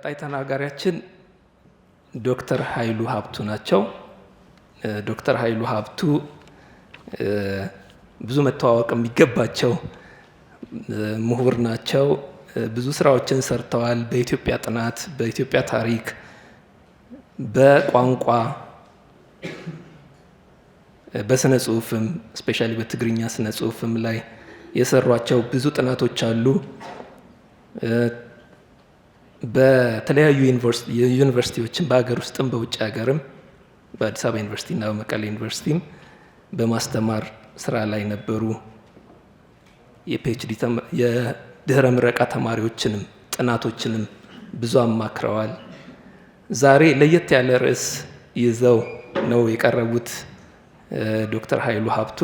ቀጣይ ተናጋሪያችን ዶክተር ኃይሉ ሀብቱ ናቸው። ዶክተር ኃይሉ ሀብቱ ብዙ መተዋወቅ የሚገባቸው ምሁር ናቸው። ብዙ ስራዎችን ሰርተዋል። በኢትዮጵያ ጥናት፣ በኢትዮጵያ ታሪክ፣ በቋንቋ፣ በስነ ጽሁፍም ስፔሻሊ በትግርኛ ስነ ጽሁፍም ላይ የሰሯቸው ብዙ ጥናቶች አሉ። በተለያዩ ዩኒቨርሲቲዎችን በሀገር ውስጥም በውጭ ሀገርም በአዲስ አበባ እና በመቀሌ ዩኒቨርሲቲም በማስተማር ስራ ላይ ነበሩ። የፒኤችዲ የድህረ ምረቃ ተማሪዎችንም ጥናቶችንም ብዙ አማክረዋል። ዛሬ ለየት ያለ ርዕስ ይዘው ነው የቀረቡት ዶክተር ኃይሉ ሀብቱ።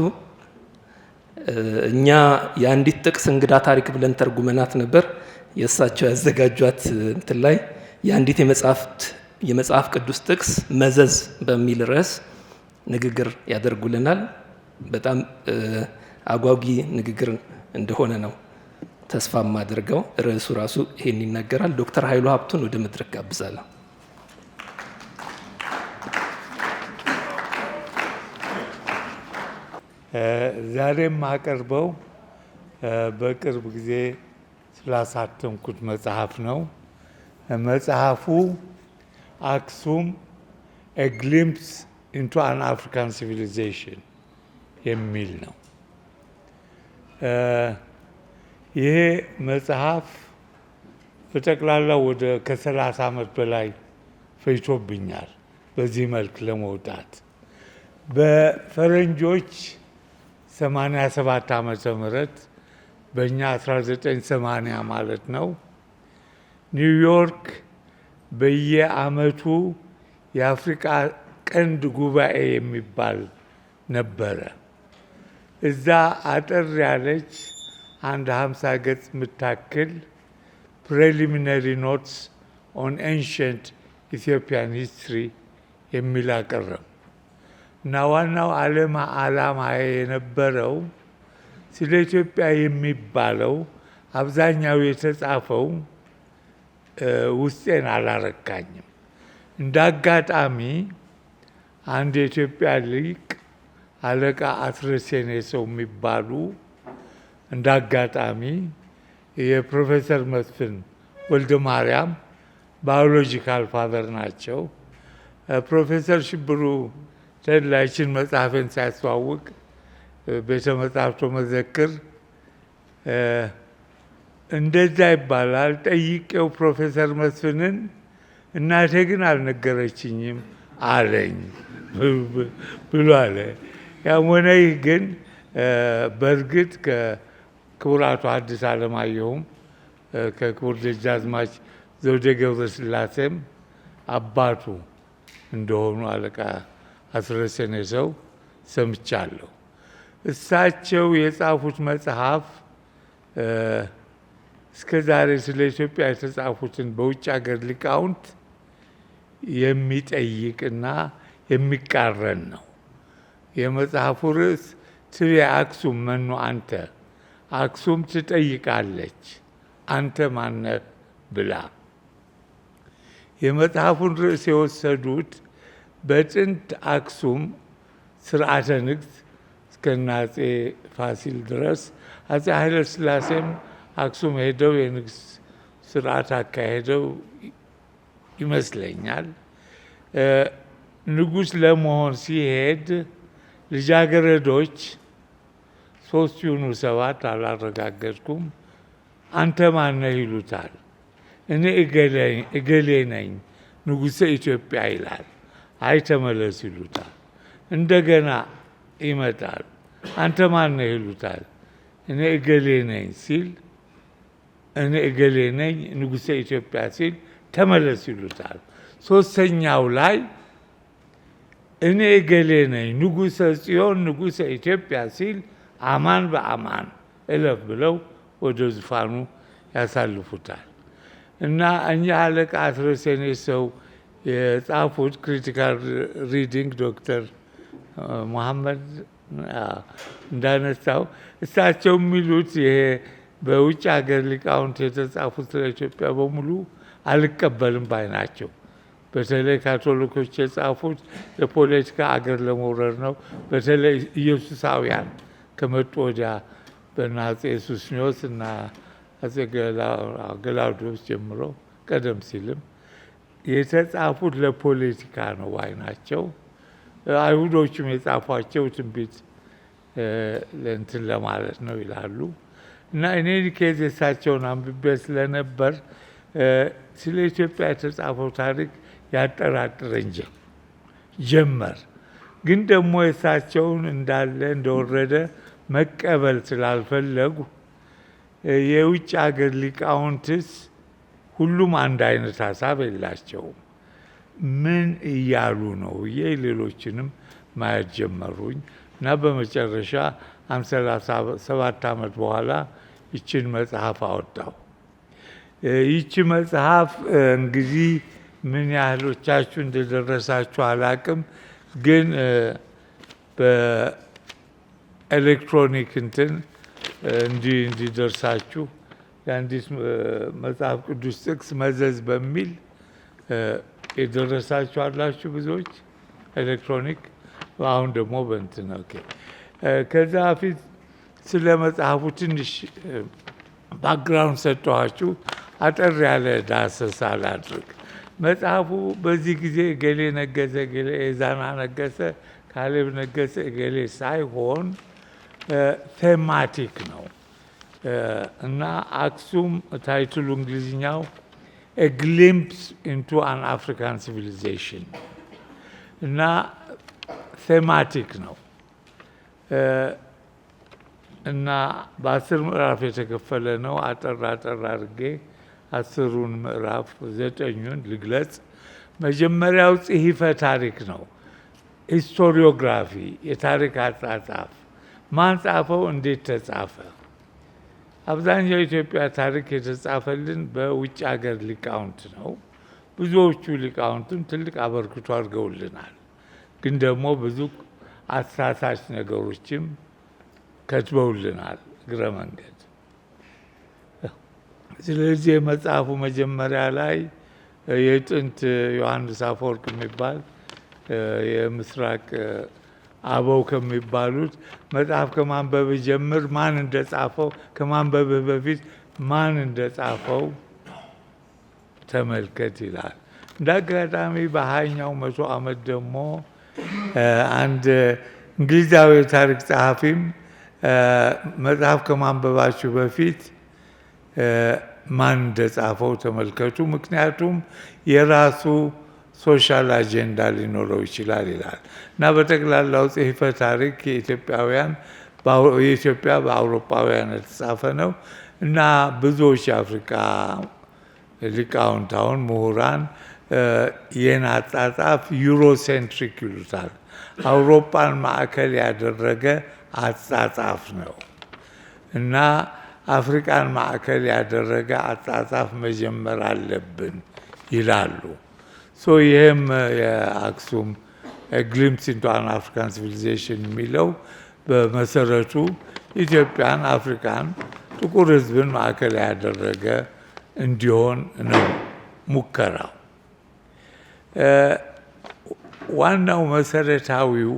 እኛ የአንዲት ጥቅስ እንግዳ ታሪክ ብለን ተርጉመናት ነበር። የእሳቸው ያዘጋጇት እንትን ላይ የአንዲት የመጽሐፍት የመጽሐፍ ቅዱስ ጥቅስ መዘዝ በሚል ርዕስ ንግግር ያደርጉልናል። በጣም አጓጊ ንግግር እንደሆነ ነው ተስፋ ማድርገው። ርዕሱ ራሱ ይሄን ይናገራል። ዶክተር ኃይሉ ሀብቱን ወደ መድረክ ጋብዛለሁ። ዛሬ የማቀርበው በቅርብ ጊዜ ስላሳተምኩት መጽሐፍ ነው። መጽሐፉ አክሱም ኤግሊምፕስ ኢንቱ አን አፍሪካን ሲቪሊዜሽን የሚል ነው። ይሄ መጽሐፍ በጠቅላላ ወደ ከሰላሳ ዓመት በላይ ፈጅቶብኛል በዚህ መልክ ለመውጣት በፈረንጆች 87 ዓመተ ምህረት በእኛ 1980 ማለት ነው። ኒውዮርክ በየዓመቱ የአፍሪቃ ቀንድ ጉባኤ የሚባል ነበረ። እዛ አጠር ያለች አንድ 50 ገጽ የምታክል ፕሬሊሚነሪ ኖትስ ኦን ኤንሸንት ኢትዮጵያን ሂስትሪ የሚል አቀረብ እና ዋናው ዓለም ዓላማ የነበረው ስለ ኢትዮጵያ የሚባለው አብዛኛው የተጻፈው ውስጤን አላረካኝም። እንደ አጋጣሚ አንድ የኢትዮጵያ ሊቅ አለቃ አትረሴኔ ሰው የሚባሉ እንደ አጋጣሚ የፕሮፌሰር መስፍን ወልደ ማርያም ባዮሎጂካል ፋዘር ናቸው። ፕሮፌሰር ሽብሩ ተድላይችን መጽሐፍን ሲያስተዋውቅ ቤተ መጽሐፍቶ መዘክር እንደዛ ይባላል። ጠይቄው ፕሮፌሰር መስፍንን እናቴ ግን አልነገረችኝም አለኝ ብሎ አለ። ያም ሆነ ይህ ግን በእርግጥ ከክቡር አቶ ሐዲስ ዓለማየሁም ከክቡር ደጃዝማች ዘውዴ ገብረስላሴም አባቱ እንደሆኑ አለቃ አስረሰኔ ሰው ሰምቻለሁ። እሳቸው የጻፉት መጽሐፍ እስከ ዛሬ ስለ ኢትዮጵያ የተጻፉትን በውጭ ሀገር ሊቃውንት የሚጠይቅና የሚቃረን ነው። የመጽሐፉ ርዕስ ትቤ አክሱም መኑ አንተ፣ አክሱም ትጠይቃለች አንተ ማነህ ብላ። የመጽሐፉን ርዕስ የወሰዱት በጥንት አክሱም ስርዓተ ንግት እስከነ አጼ ፋሲል ድረስ አጼ ኃይለ ስላሴም አክሱም ሄደው የንግስ ስርዓት አካሄደው ይመስለኛል። ንጉስ ለመሆን ሲሄድ ልጃገረዶች ሶስት ይሁኑ ሰባት አላረጋገጥኩም፣ አንተ ማነህ ይሉታል። እኔ እገሌ ነኝ ንጉሰ ኢትዮጵያ ይላል። አይ ተመለስ ይሉታል። እንደገና ይመጣል አንተ ማን ነህ ይሉታል። እኔ እገሌ ነኝ ሲል እኔ እገሌ ነኝ ንጉሠ ኢትዮጵያ ሲል ተመለስ ይሉታል። ሶስተኛው ላይ እኔ እገሌ ነኝ ንጉሠ ጽዮን ንጉሠ ኢትዮጵያ ሲል አማን በአማን እለፍ ብለው ወደ ዙፋኑ ያሳልፉታል። እና እኛ አለቃ አትረሴኔ ሰው የጻፉት ክሪቲካል ሪዲንግ ዶክተር መሐመድ እንዳነሳው እሳቸው የሚሉት ይሄ በውጭ ሀገር ሊቃውንት የተጻፉት ስለ ኢትዮጵያ በሙሉ አልቀበልም ባይ ናቸው። በተለይ ካቶሊኮች የጻፉት የፖለቲካ አገር ለመውረር ነው። በተለይ ኢየሱሳውያን ከመጡ ወዲያ በእነ አጼ እና ገላውዲዮስ ጀምሮ ቀደም ሲልም የተጻፉት ለፖለቲካ ነው ባይ ናቸው። አይሁዶችም የጻፏቸው ትንቢት እንትን ለማለት ነው ይላሉ። እና እኔ ኬዝ የሳቸውን አንብቤ ስለነበር ስለ ኢትዮጵያ የተጻፈው ታሪክ ያጠራጥረኝ ጀመር። ግን ደግሞ የሳቸውን እንዳለ እንደወረደ መቀበል ስላልፈለጉ የውጭ ሀገር ሊቃውንትስ ሁሉም አንድ አይነት ሀሳብ የላቸውም። ምን እያሉ ነው ብዬ ሌሎችንም ማየት ጀመሩኝ እና በመጨረሻ ሰላሳ ሰባት ዓመት በኋላ ይችን መጽሐፍ አወጣው። ይቺ መጽሐፍ እንግዲህ ምን ያህሎቻችሁ እንደደረሳችሁ አላቅም፣ ግን በኤሌክትሮኒክ እንትን እንዲህ እንዲደርሳችሁ የአንዲት መጽሐፍ ቅዱስ ጥቅስ መዘዝ በሚል የደረሳችሁ አላችሁ ብዙዎች ኤሌክትሮኒክ፣ አሁን ደግሞ በእንትን ከዛ በፊት ስለ መጽሐፉ ትንሽ ባክግራውንድ ሰጠኋችሁ። አጠር ያለ ዳሰሳ ላድርግ። መጽሐፉ በዚህ ጊዜ እገሌ ነገሰ፣ እገሌ ኤዛና ነገሰ፣ ካሌብ ነገሰ፣ እገሌ ሳይሆን ቴማቲክ ነው እና አክሱም ታይትሉ እንግሊዝኛው a glimpse into an African civilization እና ቴማቲክ ነው እና በአስር ምዕራፍ የተከፈለ ነው። አጠር አጠር አድርጌ አስሩን ምዕራፍ ዘጠኙን ልግለጽ። መጀመሪያው ጽሒፈ ታሪክ ነው። ሂስቶሪዮግራፊ የታሪክ አጻጻፍ ማን ጻፈው? እንዴት ተጻፈ? አብዛኛው የኢትዮጵያ ታሪክ የተጻፈልን በውጭ ሀገር ሊቃውንት ነው። ብዙዎቹ ሊቃውንትም ትልቅ አበርክቶ አድርገውልናል። ግን ደግሞ ብዙ አሳሳች ነገሮችም ከትበውልናል እግረ መንገድ። ስለዚህ የመጽሐፉ መጀመሪያ ላይ የጥንት ዮሐንስ አፈወርቅ የሚባል የምስራቅ አበው ከሚባሉት መጽሐፍ ከማንበብ ጀምር። ማን እንደጻፈው ከማንበብህ በፊት ማን እንደጻፈው ተመልከት ይላል። እንደ አጋጣሚ በሃያኛው መቶ ዓመት ደግሞ አንድ እንግሊዛዊ ታሪክ ጸሐፊም መጽሐፍ ከማንበባችሁ በፊት ማን እንደጻፈው ተመልከቱ፣ ምክንያቱም የራሱ ሶሻል አጀንዳ ሊኖረው ይችላል ይላል እና በጠቅላላው ጽሕፈ ታሪክ የኢትዮጵያውያን የኢትዮጵያ በአውሮፓውያን የተጻፈ ነው እና ብዙዎች የአፍሪካ ሊቃውንት አሁን ምሁራን ይህን አጻጻፍ ዩሮሴንትሪክ ይሉታል። አውሮፓን ማዕከል ያደረገ አጻጻፍ ነው እና አፍሪካን ማዕከል ያደረገ አጻጻፍ መጀመር አለብን ይላሉ። ይህም የአክሱም ግሊምፕስ ኢንቱ አን አፍሪካን ሲቪሊዜሽን የሚለው በመሰረቱ ኢትዮጵያን፣ አፍሪካን፣ ጥቁር ህዝብን ማዕከል ያደረገ እንዲሆን ነው ሙከራው። ዋናው መሰረታዊው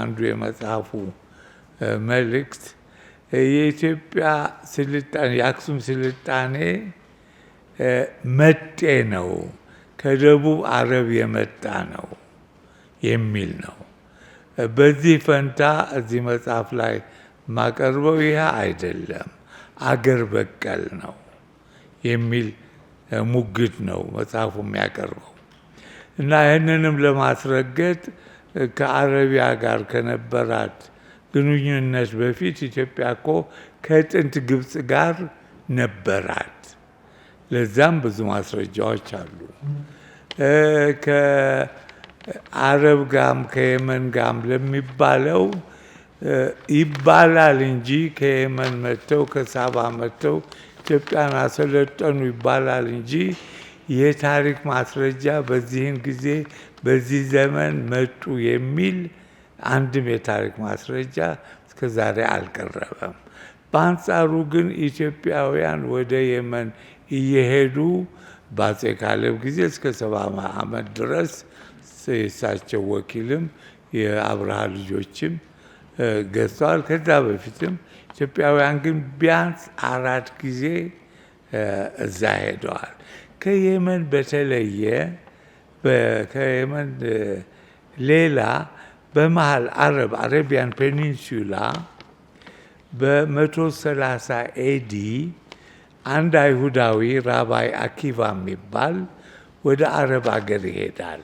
አንዱ የመጽሐፉ መልእክት የኢትዮጵያ ስልጣኔ የአክሱም ስልጣኔ መጤ ነው ከደቡብ አረብ የመጣ ነው የሚል ነው። በዚህ ፈንታ እዚህ መጽሐፍ ላይ ማቀርበው ይህ አይደለም፣ አገር በቀል ነው የሚል ሙግት ነው መጽሐፉ የሚያቀርበው እና ይህንንም ለማስረገጥ ከአረቢያ ጋር ከነበራት ግንኙነት በፊት ኢትዮጵያ እኮ ከጥንት ግብፅ ጋር ነበራት። ለዛም ብዙ ማስረጃዎች አሉ። ከአረብ ጋም ከየመን ጋም ለሚባለው ይባላል እንጂ ከየመን መጥተው ከሳባ መጥተው ኢትዮጵያን አሰለጠኑ ይባላል እንጂ የታሪክ ማስረጃ በዚህን ጊዜ በዚህ ዘመን መጡ የሚል አንድም የታሪክ ማስረጃ እስከዛሬ አልቀረበም። በአንጻሩ ግን ኢትዮጵያውያን ወደ የመን እየሄዱ በአጼ ካሌብ ጊዜ እስከ ሰባ ዓመት ድረስ የእሳቸው ወኪልም የአብርሃ ልጆችም ገዝተዋል። ከዛ በፊትም ኢትዮጵያውያን ግን ቢያንስ አራት ጊዜ እዛ ሄደዋል። ከየመን በተለየ ከየመን ሌላ በመሀል አረብ አረቢያን ፔኒንሱላ በመቶ ሰላሳ ኤዲ አንድ አይሁዳዊ ራባይ አኪቫ የሚባል ወደ አረብ አገር ይሄዳል።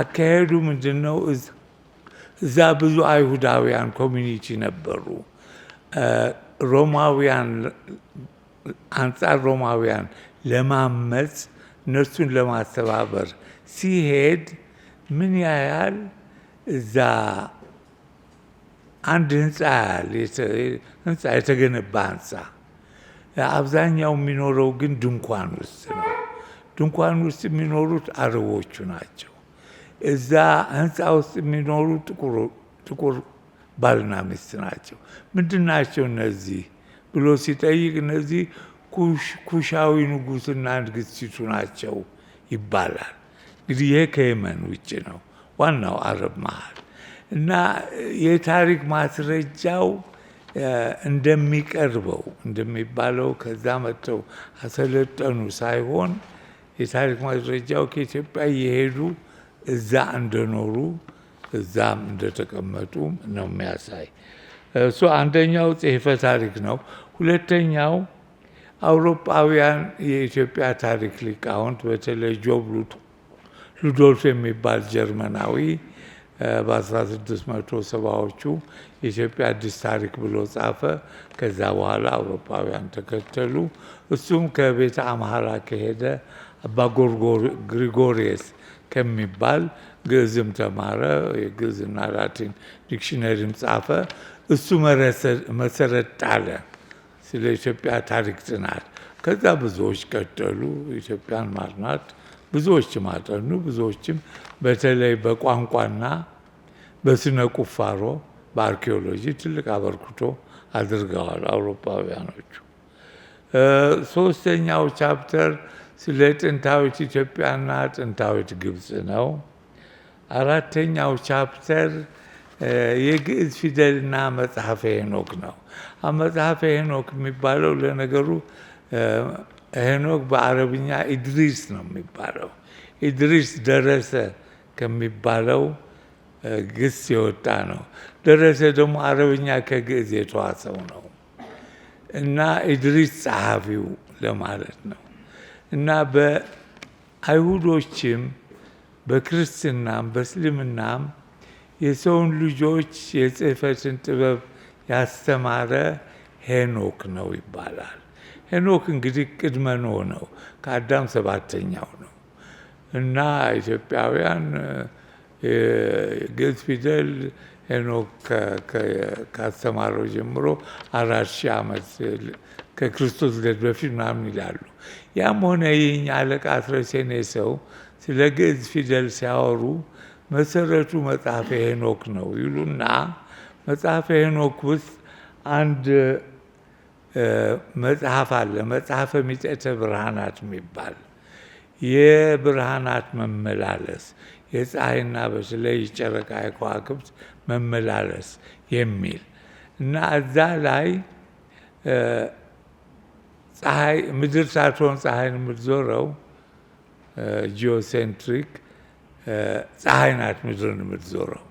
አካሄዱ ምንድን ነው? እዛ ብዙ አይሁዳውያን ኮሚኒቲ ነበሩ። ሮማውያን አንጻር ሮማውያን ለማመፅ እነርሱን ለማስተባበር ሲሄድ ምን ያያል? እዛ አንድ ህንፃ ያል ህንፃ የተገነባ ህንፃ አብዛኛው የሚኖረው ግን ድንኳን ውስጥ ነው። ድንኳን ውስጥ የሚኖሩት አረቦቹ ናቸው። እዛ ህንፃ ውስጥ የሚኖሩ ጥቁር ባልና ሚስት ናቸው። ምንድን ናቸው እነዚህ ብሎ ሲጠይቅ እነዚህ ኩሻዊ ንጉሥና ንግሥቲቱ ናቸው ይባላል። እንግዲህ ይሄ ከየመን ውጭ ነው ዋናው አረብ መሃል እና የታሪክ ማስረጃው እንደሚቀርበው እንደሚባለው ከዛ መጥተው አሰለጠኑ ሳይሆን የታሪክ ማስረጃው ከኢትዮጵያ እየሄዱ እዛ እንደኖሩ እዛም እንደተቀመጡ ነው የሚያሳይ። እሱ አንደኛው ጽሑፈ ታሪክ ነው። ሁለተኛው አውሮፓውያን የኢትዮጵያ ታሪክ ሊቃውንት በተለይ ጆብ ሉዶልፍ የሚባል ጀርመናዊ በ1670ዎቹ የኢትዮጵያ አዲስ ታሪክ ብሎ ጻፈ። ከዛ በኋላ አውሮፓውያን ተከተሉ። እሱም ከቤተ አምሃራ ከሄደ አባ ግሪጎሪየስ ከሚባል ግዕዝም ተማረ። የግዕዝና ላቲን ዲክሽነሪም ጻፈ። እሱ መሰረት ጣለ ስለ ኢትዮጵያ ታሪክ ጥናት። ከዛ ብዙዎች ቀጠሉ ኢትዮጵያን ማጥናት ብዙዎችም አጠኑ። ብዙዎችም በተለይ በቋንቋና በስነ ቁፋሮ በአርኪኦሎጂ ትልቅ አበርክቶ አድርገዋል አውሮፓውያኖቹ። ሶስተኛው ቻፕተር ስለ ጥንታዊት ኢትዮጵያና ጥንታዊት ግብፅ ነው። አራተኛው ቻፕተር የግዕዝ ፊደልና መጽሐፈ ሄኖክ ነው። መጽሐፈ ሄኖክ የሚባለው ለነገሩ ሄኖክ በአረብኛ ኢድሪስ ነው የሚባለው። ኢድሪስ ደረሰ ከሚባለው ግስ የወጣ ነው። ደረሰ ደግሞ አረብኛ ከግዕዝ የተዋሰው ነው እና ኢድሪስ ጸሐፊው ለማለት ነው እና በአይሁዶችም በክርስትናም በእስልምናም የሰውን ልጆች የጽህፈትን ጥበብ ያስተማረ ሄኖክ ነው ይባላል። ሄኖክ እንግዲህ ቅድመ ኖህ ነው፣ ከአዳም ሰባተኛው ነው እና ኢትዮጵያውያን ግዕዝ ፊደል ሄኖክ ካስተማረው ጀምሮ አራት ሺህ ዓመት ከክርስቶስ ልደት በፊት ምናምን ይላሉ። ያም ሆነ ይህኝ አለቃ አስረሴኔ ሰው ስለ ግዕዝ ፊደል ሲያወሩ መሰረቱ መጽሐፈ ሄኖክ ነው ይሉና መጽሐፈ ሄኖክ ውስጥ አንድ መጽሐፍ አለ። መጽሐፈ ምልዕተ ብርሃናት የሚባል የብርሃናት መመላለስ የፀሐይና በተለይ ጨረቃ የከዋክብት መመላለስ የሚል እና እዛ ላይ ምድር ሳትሆን ፀሐይን የምትዞረው ጂኦሴንትሪክ ፀሐይ ናት ምድርን የምትዞረው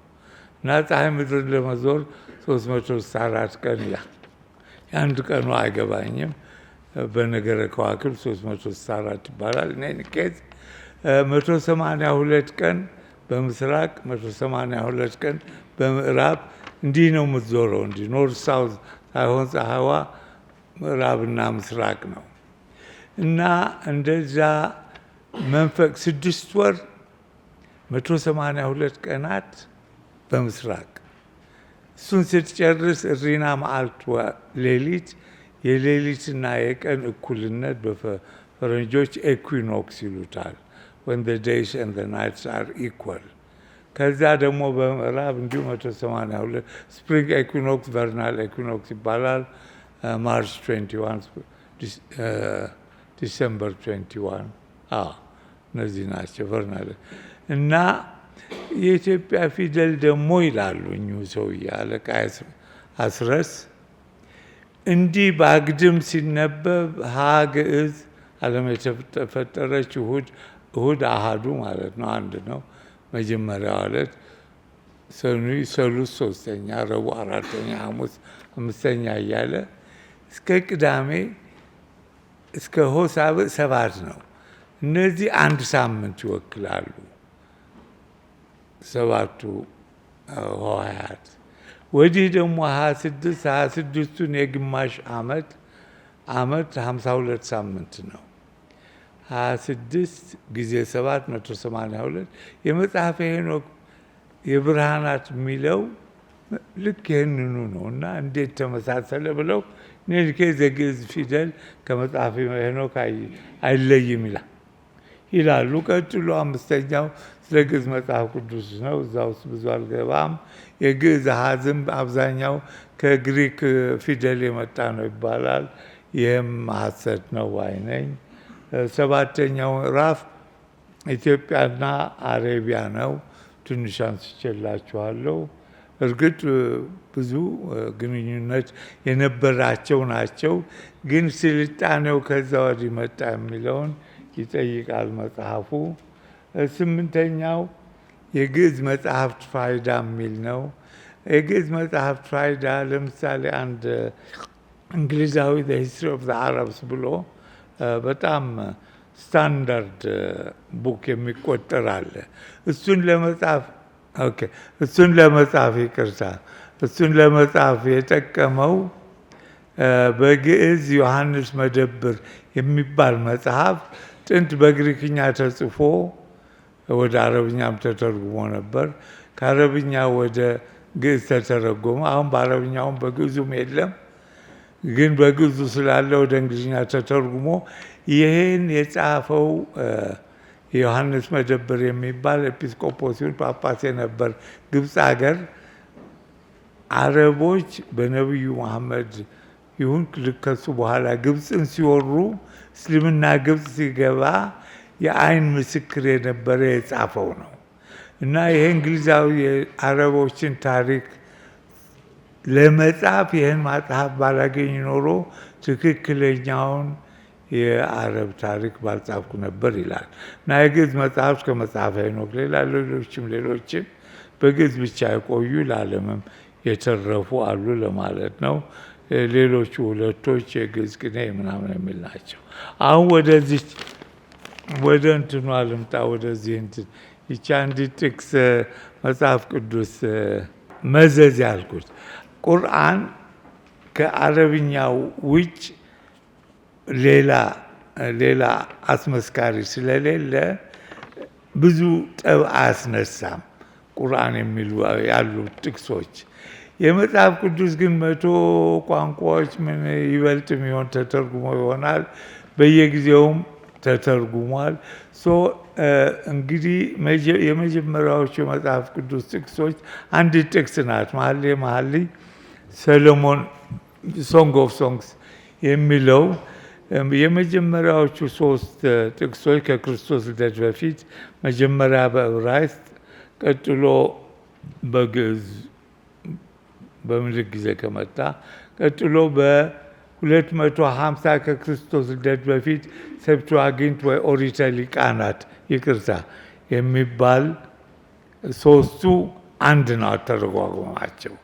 እና ፀሐይ ምድርን ለመዞር 364 ቀን ይላል። የአንድ ቀኑ አይገባኝም። በነገረ ከዋክብ 364 ይባላል። እኔ 182 ቀን በምስራቅ 182 ቀን በምዕራብ እንዲህ ነው የምትዞረው። እንዲህ ኖርት ሳውዝ ሳይሆን ፀሐይዋ ምዕራብና ምስራቅ ነው እና እንደዛ መንፈቅ ስድስት ወር 182 ቀናት በምስራቅ እሱን ስትጨርስ ሪና መዓልት ሌሊት የሌሊትና የቀን እኩልነት በፈረንጆች ኤኩኖክስ ይሉታል። ወን ዘ ዴይስ ኤንድ ዘ ናይትስ አር ኢኳል። ከዛ ደግሞ በምዕራብ እንዲሁ 182 ስፕሪንግ ኤኩኖክስ ቨርናል ኤኩኖክስ ይባላል። ማርች 21 ዲሴምበር 21 እነዚህ ናቸው ቨርናል እና የኢትዮጵያ ፊደል ደግሞ ይላሉ እኙ ሰውዬ አለቃ አስረስ እንዲህ በአግድም ሲነበብ ሀ ግዕዝ ዓለም የተፈጠረች እሁድ እሁድ አሃዱ ማለት ነው። አንድ ነው። መጀመሪያው ዕለት ሰኑ ሰሉስ ሶስተኛ፣ ረቡዕ አራተኛ፣ ሐሙስ አምስተኛ እያለ እስከ ቅዳሜ እስከ ሆሳብ ሰባት ነው። እነዚህ አንድ ሳምንት ይወክላሉ። ሰባቱ ህዋያት ወዲህ ደግሞ ሀያ ስድስት ሀያ ስድስቱን የግማሽ አመት አመት ሀምሳ ሁለት ሳምንት ነው። ሀያ ስድስት ጊዜ ሰባት መቶ ሰማኒያ ሁለት የመጽሐፈ ሄኖክ የብርሃናት የሚለው ልክ ይህንኑ ነው እና እንዴት ተመሳሰለ ብለው ኔልኬ ዘግዕዝ ፊደል ከመጽሐፈ ሄኖክ አይለይም ይላል ይላሉ። ቀጥሎ አምስተኛው ስለ ግዕዝ መጽሐፍ ቅዱስ ነው። እዛ ውስጥ ብዙ አልገባም። የግዕዝ ሀዝም አብዛኛው ከግሪክ ፊደል የመጣ ነው ይባላል። ይህም ሐሰት ነው ባይነኝ። ሰባተኛው ራፍ ኢትዮጵያና አረቢያ ነው። ትንሽ አንስቼላችኋለሁ። እርግጥ ብዙ ግንኙነት የነበራቸው ናቸው፣ ግን ስልጣኔው ከዛ ወዲህ መጣ የሚለውን ይጠይቃል መጽሐፉ። ስምንተኛው የግዕዝ መጽሐፍት ፋይዳ የሚል ነው። የግዕዝ መጽሐፍት ፋይዳ ለምሳሌ አንድ እንግሊዛዊ ዘ ሂስትሪ ኦፍ ዘ አረብስ ብሎ በጣም ስታንዳርድ ቡክ የሚቆጠር አለ። እሱን ለመጻፍ እሱን ለመጻፍ ይቅርታ፣ እሱን ለመጻፍ የጠቀመው በግዕዝ ዮሐንስ መደብር የሚባል መጽሐፍ ጥንት በግሪክኛ ተጽፎ ወደ አረብኛም ተተርጉሞ ነበር። ከአረብኛ ወደ ግዕዝ ተተረጎመ። አሁን በአረብኛውም በግዕዙም የለም፣ ግን በግዕዙ ስላለ ወደ እንግሊዝኛ ተተርጉሞ ይህን የጻፈው ዮሐንስ መደብር የሚባል ኤጲስቆጶሲውን ጳጳስ የነበር ግብፅ ሀገር አረቦች በነቢዩ መሐመድ ይሁን ልከሱ በኋላ ግብፅን ሲወሩ እስልምና ግብፅ ሲገባ የአይን ምስክር የነበረ የጻፈው ነው እና ይሄ እንግሊዛዊ የአረቦችን ታሪክ ለመጻፍ ይህን መጽሐፍ ባላገኝ ኖሮ ትክክለኛውን የአረብ ታሪክ ባልጻፍኩ ነበር ይላል እና የግዕዝ መጽሐፍ እስከ ከመጽሐፈ ሄኖክ ሌላ ሌሎችም ሌሎችም በግዕዝ ብቻ የቆዩ ለዓለምም የተረፉ አሉ ለማለት ነው። ሌሎቹ ሁለቶች የግዕዝ ቅኔ ምናምን የሚል ናቸው። አሁን ወደዚህ ወደ እንትኑ አልምጣ ወደዚህ እንትን ይቻ አንድ ጥቅስ መጽሐፍ ቅዱስ መዘዝ ያልኩት ቁርአን ከአረብኛው ውጭ ሌላ ሌላ አስመስካሪ ስለሌለ ብዙ ጠብ አያስነሳም። ቁርአን የሚሉ ያሉ ጥቅሶች የመጽሐፍ ቅዱስ ግን መቶ ቋንቋዎች ምን ይበልጥ የሚሆን ተተርጉሞ ይሆናል በየጊዜውም ተተርጉሟል። እንግዲህ የመጀመሪያዎቹ የመጽሐፍ ቅዱስ ጥቅሶች አንድ ጥቅስ ናት። መኃልየ መኃልይ ሰለሞን ሶንግ ኦፍ ሶንግስ የሚለው የመጀመሪያዎቹ ሶስት ጥቅሶች ከክርስቶስ ልደት በፊት መጀመሪያ በዕብራይስጥ ቀጥሎ በግዕዝ በምልክ ጊዜ ከመጣ ቀጥሎ 250 ከክርስቶስ ልደት በፊት ሰብቶ አግኝት ወይ ኦሪተ ሊቃናት ይቅርታ የሚባል ሶስቱ አንድ ነው አተረጓጉማቸው።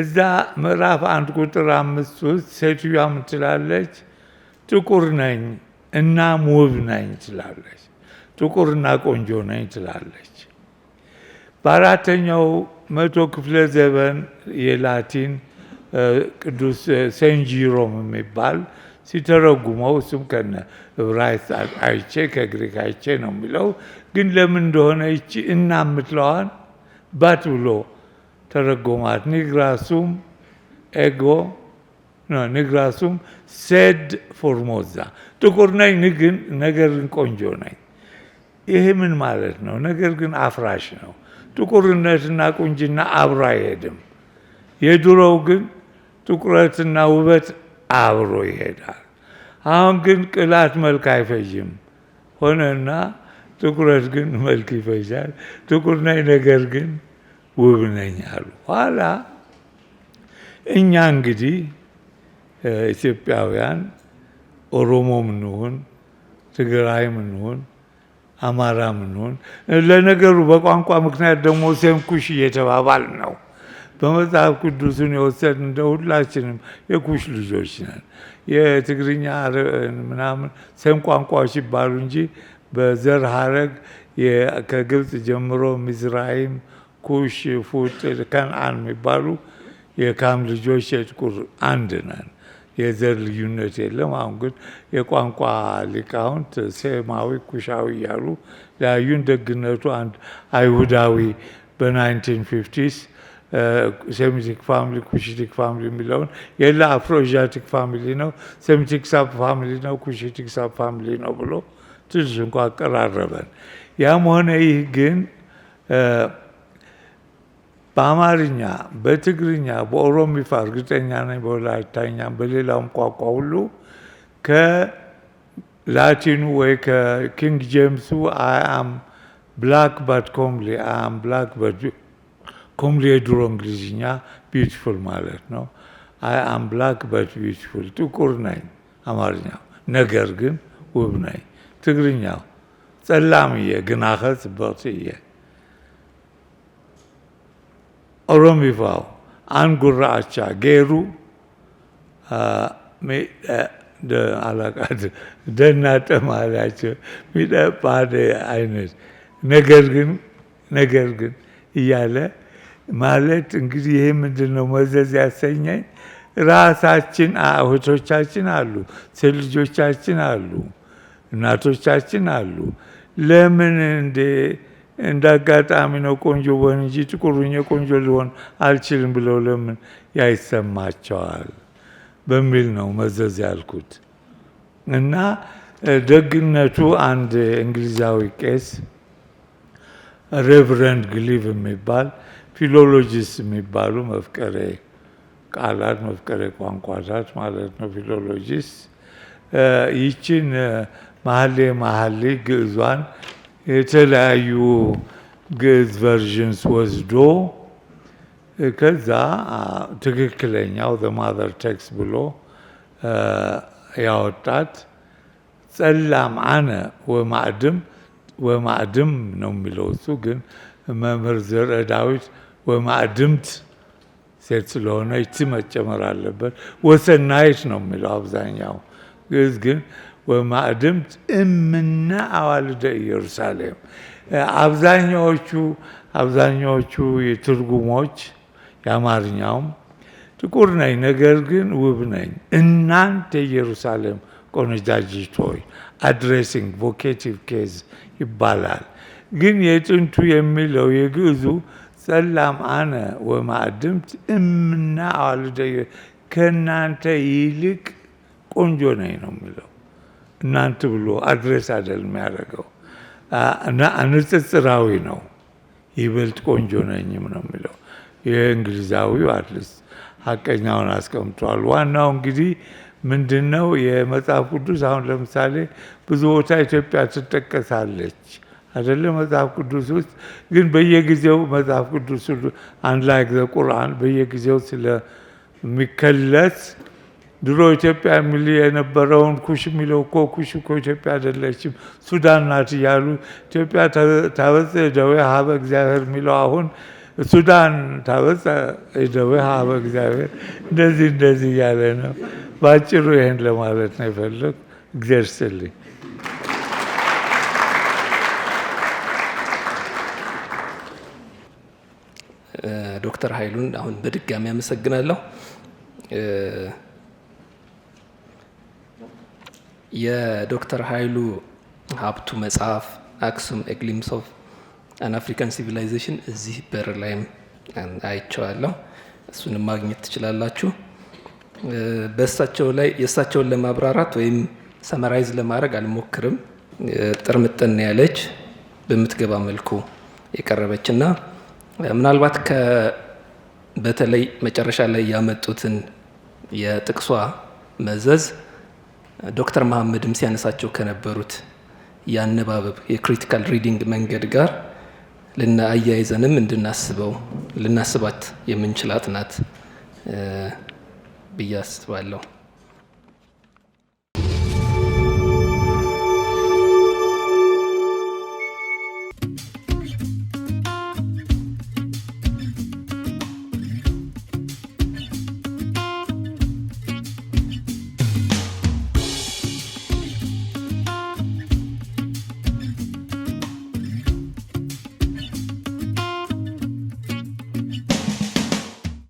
እዛ ምዕራፍ አንድ ቁጥር አምስት ውስጥ ሴትዮዋ ትላለች? ጥቁር ነኝ እና ውብ ነኝ ትላለች። ጥቁርና ቆንጆ ነኝ ትላለች። በአራተኛው መቶ ክፍለ ዘመን የላቲን ቅዱስ ሴንት ጂሮም የሚባል ሲተረጉመው እሱም ከነ ዕብራይስጥ አይቼ ከግሪክ አይቼ ነው የሚለው። ግን ለምን እንደሆነ ይቺ እና የምትለዋን ባት ብሎ ተረጎማት። ኒግራሱም ኤጎ ኒግራሱም ሴድ ፎርሞዛ ጥቁር ነኝ ንግን ነገር ግን ቆንጆ ነኝ። ይሄ ምን ማለት ነው? ነገር ግን አፍራሽ ነው። ጥቁርነትና ቁንጅና አብሮ አይሄድም። የድሮው ግን ጥቁረትና ውበት አብሮ ይሄዳል። አሁን ግን ቅላት መልክ አይፈጅም ሆነና ጥቁረት ግን መልክ ይፈጃል። ጥቁር ነኝ ነገር ግን ውብ ነኝ አሉ። ኋላ እኛ እንግዲህ ኢትዮጵያውያን ኦሮሞ ምንሆን ትግራይ ምንሆን አማራ ምንሆን ለነገሩ በቋንቋ ምክንያት ደግሞ ሴምኩሽ እየተባባል ነው። በመጽሐፍ ቅዱስን የወሰድ እንደ ሁላችንም የኩሽ ልጆች ነን። የትግርኛ ምናምን ሰም ቋንቋዎች ይባሉ እንጂ በዘር ሀረግ ከግብፅ ጀምሮ ሚዝራይም፣ ኩሽ፣ ፉጥ፣ ከነአን የሚባሉ የካም ልጆች የጥቁር አንድ ነን። የዘር ልዩነት የለም። አሁን ግን የቋንቋ ሊቃውንት ሴማዊ፣ ኩሻዊ እያሉ ለያዩን። ደግነቱ አንድ አይሁዳዊ በ1950ስ ሴሚቲክ ፋሚሊ ኩሽቲክ ፋሚሊ የሚለውን የላ አፍሮዣቲክ ፋሚሊ ነው፣ ሴሚቲክ ሳብ ፋሚሊ ነው፣ ኩሽቲክ ሳብ ፋሚሊ ነው ብሎ ትንሽ እንኳ አቀራረበን። ያም ሆነ ይህ ግን በአማርኛ፣ በትግርኛ፣ በኦሮሚፋ እርግጠኛ ነኝ በወላይታኛ በሌላውም ቋንቋ ሁሉ ከላቲኑ ወይ ከኪንግ ጄምሱ አይ አም ብላክ ባት ኮምሊ አይ አም ብላክ ባት ኮምሊ የድሮ እንግሊዝኛ ቢዩቲፉል ማለት ነው። አይ አም ብላክ በት ቢዩቲፉል ጥቁር ነኝ አማርኛ፣ ነገር ግን ውብ ነኝ ትግርኛው ጸላምየ ግናኸ ጽብቕቲ እየ ኦሮሚፋው አንጉራአቻ ገይሩ አላቃት ደናጠ ማላቸው ሚጠ አይነት ነገር ግን ነገር ግን እያለ ማለት እንግዲህ ይህ ምንድን ነው መዘዝ ያሰኘኝ ራሳችን እህቶቻችን አሉ፣ ሴት ልጆቻችን አሉ፣ እናቶቻችን አሉ። ለምን እንደ እንዳጋጣሚ ነው ቆንጆ በሆን እንጂ ጥቁሩኝ ቆንጆ ሊሆን አልችልም ብለው ለምን ያይሰማቸዋል በሚል ነው መዘዝ ያልኩት እና ደግነቱ አንድ እንግሊዛዊ ቄስ ሬቨረንድ ግሊቭ የሚባል ፊሎሎጂስ የሚባሉ መፍቀሬ ቃላት መፍቀሬ ቋንቋታት ማለት ነው። ፊሎሎጂስ ይችን መሀሌ መሀሌ ግዕዟን የተለያዩ ግዕዝ ቨርዥንስ ወስዶ ከዛ ትክክለኛው ዘማዘር ቴክስ ብሎ ያወጣት ጸላም አነ ወማዕድም ወማዕድም ነው የሚለው እሱ ግን መምህር ዘርአ ዳዊት ወማዕድምት ሴት ስለሆነ ት መጨመር አለበት። ወሰናይት ነው የሚለው አብዛኛው ግዕዝ ግን ወማዕድምት እምነ አዋልደ ኢየሩሳሌም አብዛኛዎቹ አብዛኛዎቹ የትርጉሞች የአማርኛውም ጥቁር ነኝ፣ ነገር ግን ውብ ነኝ እናንተ ኢየሩሳሌም ቆነጃጅት አድሬሲንግ ቮኬቲቭ ኬዝ ይባላል። ግን የጥንቱ የሚለው የግዕዙ ጸላም አነ ወማዕድምት እምና አዋልደ ከእናንተ ይልቅ ቆንጆ ነኝ ነው የሚለው። እናንተ ብሎ አድሬስ አይደል የሚያደርገው እና ንጽጽራዊ ነው። ይበልጥ ቆንጆ ነኝም ነው የሚለው። የእንግሊዛዊው አትሊስት ሀቀኛውን አስቀምጧል። ዋናው እንግዲህ ምንድን ነው የመጽሐፍ ቅዱስ አሁን ለምሳሌ ብዙ ቦታ ኢትዮጵያ ትጠቀሳለች አይደለ መጽሐፍ ቅዱስ ውስጥ ግን በየጊዜው መጽሐፍ ቅዱስ አንድ ላይ ቁርአን በየጊዜው ስለሚከለስ ድሮ ኢትዮጵያ የሚል የነበረውን ኩሽ የሚለው እኮ ኩሽ እኮ ኢትዮጵያ አይደለችም ሱዳን ናት እያሉ ኢትዮጵያ ታበጽ እደዌ ሀበ እግዚአብሔር የሚለው አሁን ሱዳን ታበጽ እደዌ ሀበ እግዚአብሔር እንደዚህ እንደዚህ እያለ ነው። በአጭሩ ይህን ለማለት ነው የፈለግ። እግዚአብሔር ይስጥልኝ። ዶክተር ኃይሉን አሁን በድጋሚ አመሰግናለሁ። የዶክተር ኃይሉ ሀብቱ መጽሐፍ አክሱም ግሊምስ ኦፍ አን አፍሪካን ሲቪላይዜሽን እዚህ በር ላይም አይቸዋለሁ። እሱንም ማግኘት ትችላላችሁ። በእሳቸው ላይ የእሳቸውን ለማብራራት ወይም ሰመራይዝ ለማድረግ አልሞክርም። ጥርምጥን ያለች በምትገባ መልኩ የቀረበች እና ምናልባት በተለይ መጨረሻ ላይ ያመጡትን የጥቅሷ መዘዝ ዶክተር መሐመድም ሲያነሳቸው ከነበሩት የአነባበብ የክሪቲካል ሪዲንግ መንገድ ጋር ልና አያይዘንም እንድናስበው ልናስባት የምንችላት ናት ብዬ አስባለሁ።